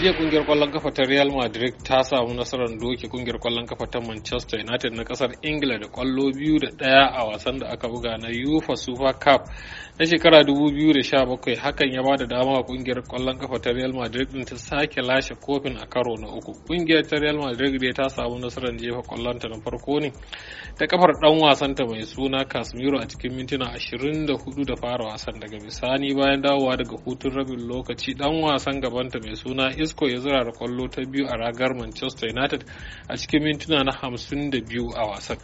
jiya kungiyar kwallon kafa ta Real Madrid ta samu nasarar doke kungiyar kwallon kafa ta Manchester United na kasar Ingila da kwallo biyu da daya a wasan da aka buga na UEFA Super Cup na shekara 2017 hakan ya bada dama wa kungiyar kwallon kafa ta Real Madrid din ta sake lashe kofin a karo na uku. Kungiyar ta Real Madrid dai ta samu nasarar jefa kwallon ta na farko ne ta kafar dan wasan ta mai suna Casemiro a cikin mintuna 24 da fara wasan daga bisani bayan dawowa daga hutun rabin lokaci dan wasan gabanta mai suna Francisco ya zura da kwallo ta biyu a ragar Manchester United a cikin mintuna na 52 a wasan.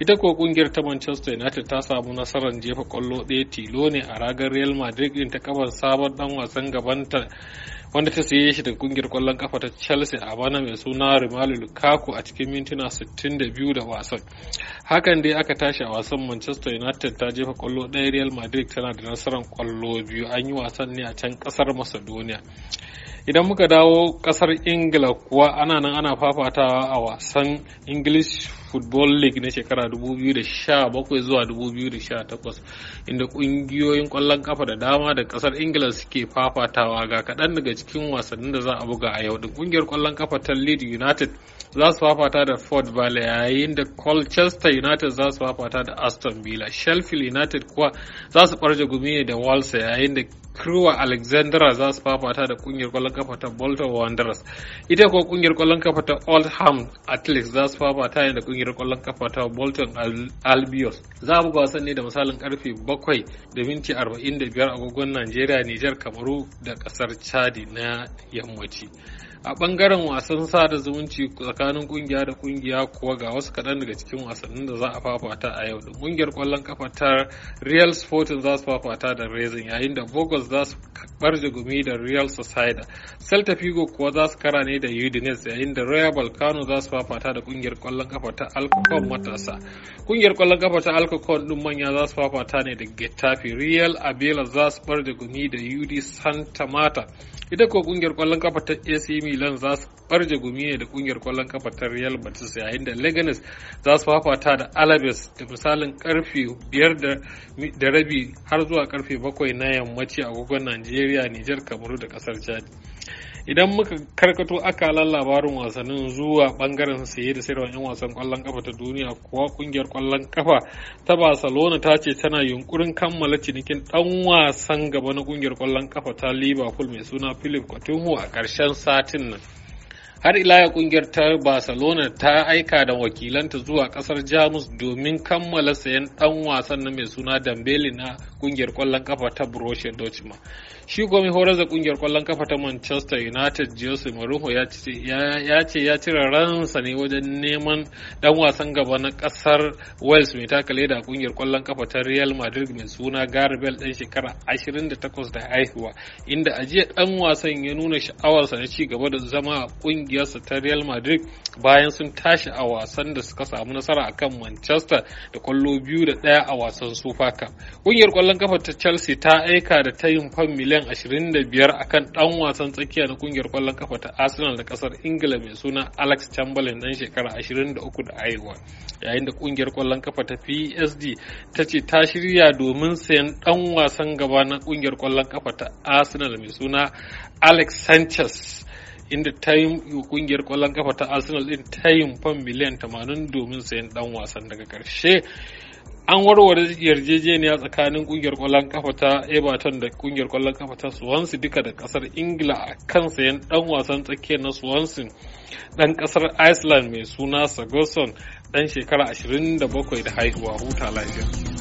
Ita kuwa kungiyar ta Manchester United ta samu nasarar jefa kwallo ɗaya tilo ne a ragar Real Madrid ɗin ta kafa sabon dan wasan gabanta wanda ta siye shi daga kungiyar kwallon kafa ta Chelsea a bana mai suna Romelu Lukaku a cikin mintuna 62 da wasan. Hakan dai aka tashi a wasan Manchester United ta jefa kwallo ɗaya Real Madrid tana da nasarar kwallo biyu an yi wasan ne a can ƙasar Macedonia. idan muka dawo kasar ingila kuwa ana nan ana fafatawa a wasan english football league na shekara 2017 zuwa 2018 inda kungiyoyin kwallon kafa da dama da kasar ingila suke fafatawa ga kaɗan daga cikin wasannin da za a buga a yau din kungiyar kwallon kafa ta leeds united za su fafata da ford valley yayin da colchester united za su fafata da aston villa sheffield united kuwa za su farje gumi da walsa yayin da Kruwa Alexandra za su fafata da kungiyar kwallon kafa ta Bolton Wanderers. Ita kuwa kungiyar kwallon kafa ta Oldham Athletics za su fafata ne da kungiyar kwallon kafa ta Bolton albios Za a buga wasan ne da misalin karfe 7 da minti 45 agogon Najeriya, Nijar, Kamaru da kasar Chadi na yammaci. a bangaren wasan sada zumunci tsakanin kungiya da kungiya kuwa ga wasu kaɗan daga cikin wasannin da za a fafata a yau da kungiyar kwallon kafa ta real sporting za su fafata da racing yayin da bogos za su barje gumi da real sociedad celta figo kuwa za su kara ne da udinese yayin da royal balkano za su fafata da kungiyar kwallon kafa ta alcocon matasa kungiyar kwallon kafa ta alcocon din manya za su fafata ne da getafe real abela za su barje gumi da ud santa mata ita ko kungiyar kwallon kafa ta acm Milan za su farje gumi ne da kungiyar kwallon kafa ta Real Betis yayin da Leganes za su fafata da Alaves da misalin karfe 5 da rabi har zuwa karfe 7 na yammaci a agogon Najeriya, Nijar, Kamaru da kasar Chad. idan muka karkato akalan labarin wasannin zuwa bangaren saye da sayarwa 'yan wasan kwallon kafa ta duniya kuwa kungiyar kwallon kafa ta barcelona ta ce tana yunkurin kammala cinikin dan wasan gaba na kungiyar kwallon kafa ta liverpool mai suna philip coutinho a karshen satin nan har ila ya kungiyar ta barcelona ta aika da wakilanta zuwa kasar jamus domin kammala sayan dan wasan na mai suna dambeli na kungiyar kwallon kafa ta borussia dortmund shi kuma horar da kungiyar kwallon kafa ta manchester united jose mourinho ya ce ya cire ransa ne wajen neman dan wasan gaba na kasar wales mai takale da kungiyar kwallon kafa ta real madrid mai suna Garibel bale dan shekara 28 da haihuwa inda ajiya ɗan dan wasan ya nuna sha'awarsa na ci gaba da zama a kungiyarsa ta real madrid bayan sun tashi a wasan da suka samu nasara akan manchester da kwallo biyu da daya a wasan super cup kungiyar kwallon kafa ta chelsea ta aika da tayin fan miliyan miliyan 25 akan dan wasan tsakiya na kungiyar kwallon kafa ta Arsenal da kasar Ingila mai suna Alex Chamberlain dan shekara 23 da aiwa yayin da kungiyar kwallon kafa ta PSG ta ce ta shirya domin sayan dan wasan gaba na kungiyar kwallon kafa ta Arsenal mai suna Alex Sanchez inda ta yi kungiyar kwallon kafa ta Arsenal din ta yi fam miliyan 80 domin sayan dan wasan daga karshe an warware yarjejeniya tsakanin kungiyar kwallon kafa ta everton da kungiyar kwallon kafa ta swansea duka da kasar ingila a kan sayan dan wasan tsakiyar na swansea dan kasar iceland mai suna sagoson dan shekara 27 da haihuwa huta lafiya